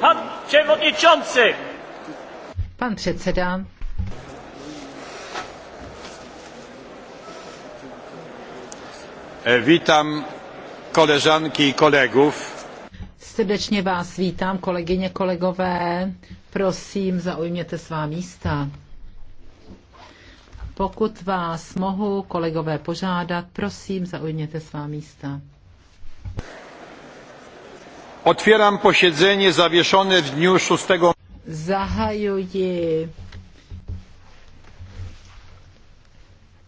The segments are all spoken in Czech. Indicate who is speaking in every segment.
Speaker 1: Pan předsedající. Pan předseda. Vítám e, koleżanki i kolegów. Srdečně vás vítám, kolegyně, kolegové. Prosím, zaujměte svá místa. Pokud vás mohu, kolegové, požádat, prosím, zaujměte svá místa. Otwieram posiedzenie zawieszone v dniu 6. Zahajuji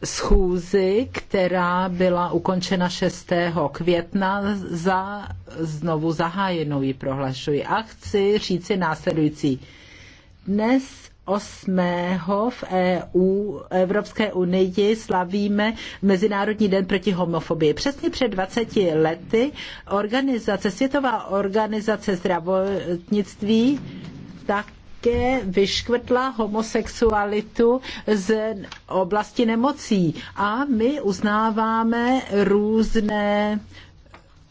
Speaker 1: schůzi, která byla ukončena 6. května za znovu zahájenou ji prohlašuji. A chci říci následující. Dnes 8. v EU, Evropské unii slavíme Mezinárodní den proti homofobii. Přesně před 20 lety organizace, Světová organizace zdravotnictví tak také vyškvrtla homosexualitu z oblasti nemocí. A my uznáváme různé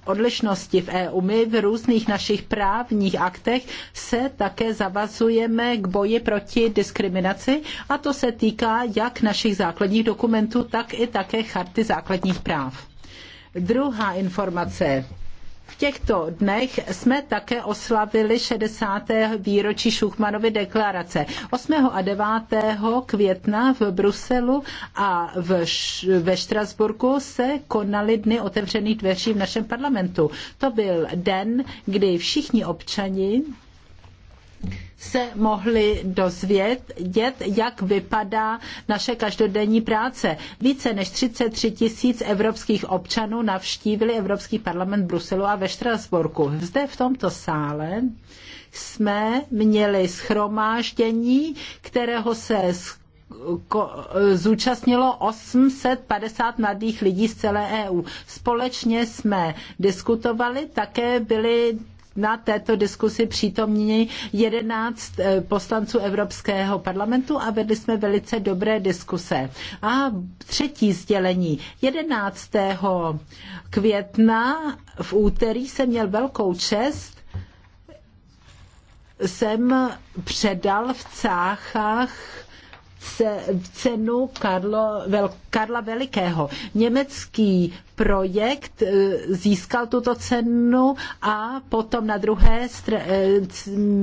Speaker 1: odlišnosti v EU. My v různých našich právních aktech se také zavazujeme k boji proti diskriminaci a to se týká jak našich základních dokumentů, tak i také charty základních práv. Druhá informace v těchto dnech jsme také oslavili 60. výročí Šuchmanovy deklarace. 8. a 9. května v Bruselu a v, ve Štrasburku se konaly dny otevřených dveří v našem parlamentu. To byl den, kdy všichni občani se mohli dozvědět, jak vypadá naše každodenní práce. Více než 33 tisíc evropských občanů navštívili Evropský parlament v Bruselu a ve Štrasburku. Zde v tomto sále jsme měli schromáždění, kterého se zúčastnilo 850 mladých lidí z celé EU. Společně jsme diskutovali, také byly na této diskusi přítomní 11 eh, poslanců Evropského parlamentu a vedli jsme velice dobré diskuse. A třetí sdělení. 11. května v úterý jsem měl velkou čest jsem předal v Cáchách cenu Karlo, Vel, Karla Velikého. Německý projekt e, získal tuto cenu a potom na druhé e,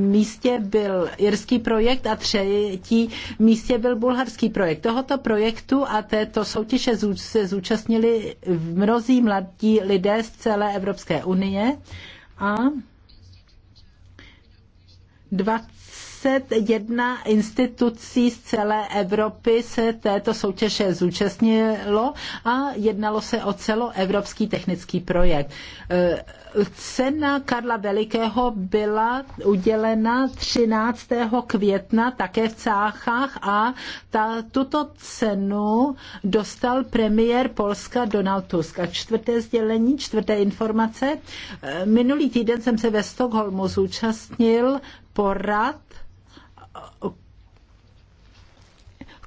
Speaker 1: místě byl irský projekt a třetí místě byl bulharský projekt. Tohoto projektu a této soutěže se zúčastnili mnozí mladí lidé z celé Evropské unie a 20 21 institucí z celé Evropy se této soutěže zúčastnilo a jednalo se o celoevropský technický projekt. E, cena Karla Velikého byla udělena 13. května také v Cáchách a ta, tuto cenu dostal premiér Polska Donald Tusk. A čtvrté sdělení, čtvrté informace. E, minulý týden jsem se ve Stockholmu zúčastnil porad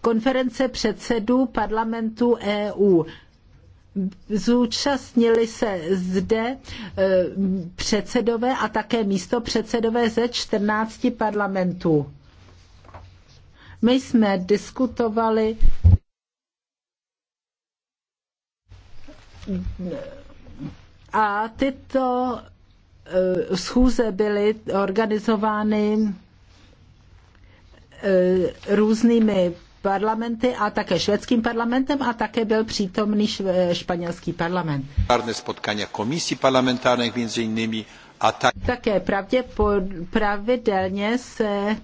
Speaker 1: konference předsedů parlamentů EU. Zúčastnili se zde e, předsedové a také místo předsedové ze 14 parlamentů. My jsme diskutovali a tyto e, schůze byly organizovány Eh, různými parlamenty a také švédským parlamentem a také byl přítomný španělský parlament. spotkania komisí parlamentárních między a tak... Také pravděpod... pravidelně se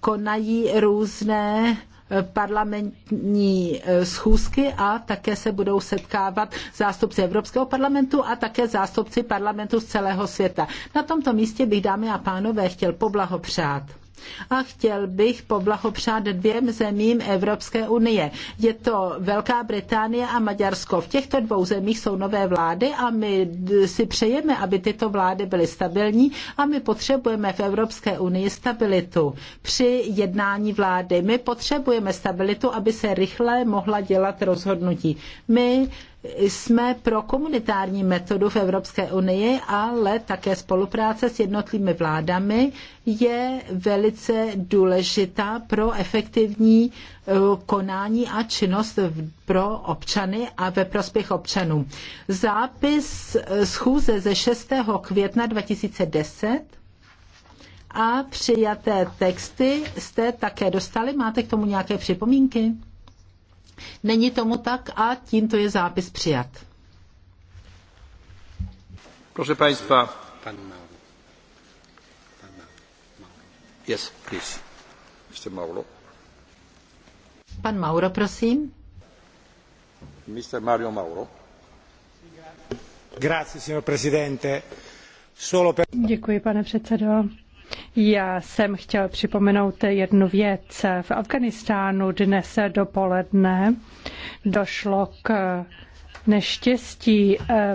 Speaker 1: konají různé eh, parlamentní eh, schůzky a také se budou setkávat zástupci Evropského parlamentu a také zástupci parlamentu z celého světa. Na tomto místě bych, dámy a pánové, chtěl poblahopřát a chtěl bych poblahopřát dvěm zemím Evropské unie. Je to Velká Británie a Maďarsko. V těchto dvou zemích jsou nové vlády a my si přejeme, aby tyto vlády byly stabilní a my potřebujeme v Evropské unii stabilitu při jednání vlády. My potřebujeme stabilitu, aby se rychle mohla dělat rozhodnutí. My jsme pro komunitární metodu v Evropské unii, ale také spolupráce s jednotlivými vládami je velice důležitá pro efektivní eh, konání a činnost pro občany a ve prospěch občanů. Zápis eh, schůze ze 6. května 2010 a přijaté texty jste také dostali. Máte k tomu nějaké připomínky? Není tomu tak a tímto je zápis přijat. Proszę Państwa. Pan Mauro. Pan Mauro. Yes, please. Mr. Mauro. Pan Mauro, prosím. Mr. Mario Mauro. Grazie, signor Presidente. Solo per... Děkuji, pane předsedo. Já jsem chtěl připomenout jednu věc. V Afganistánu dnes dopoledne došlo k neštěstí eh,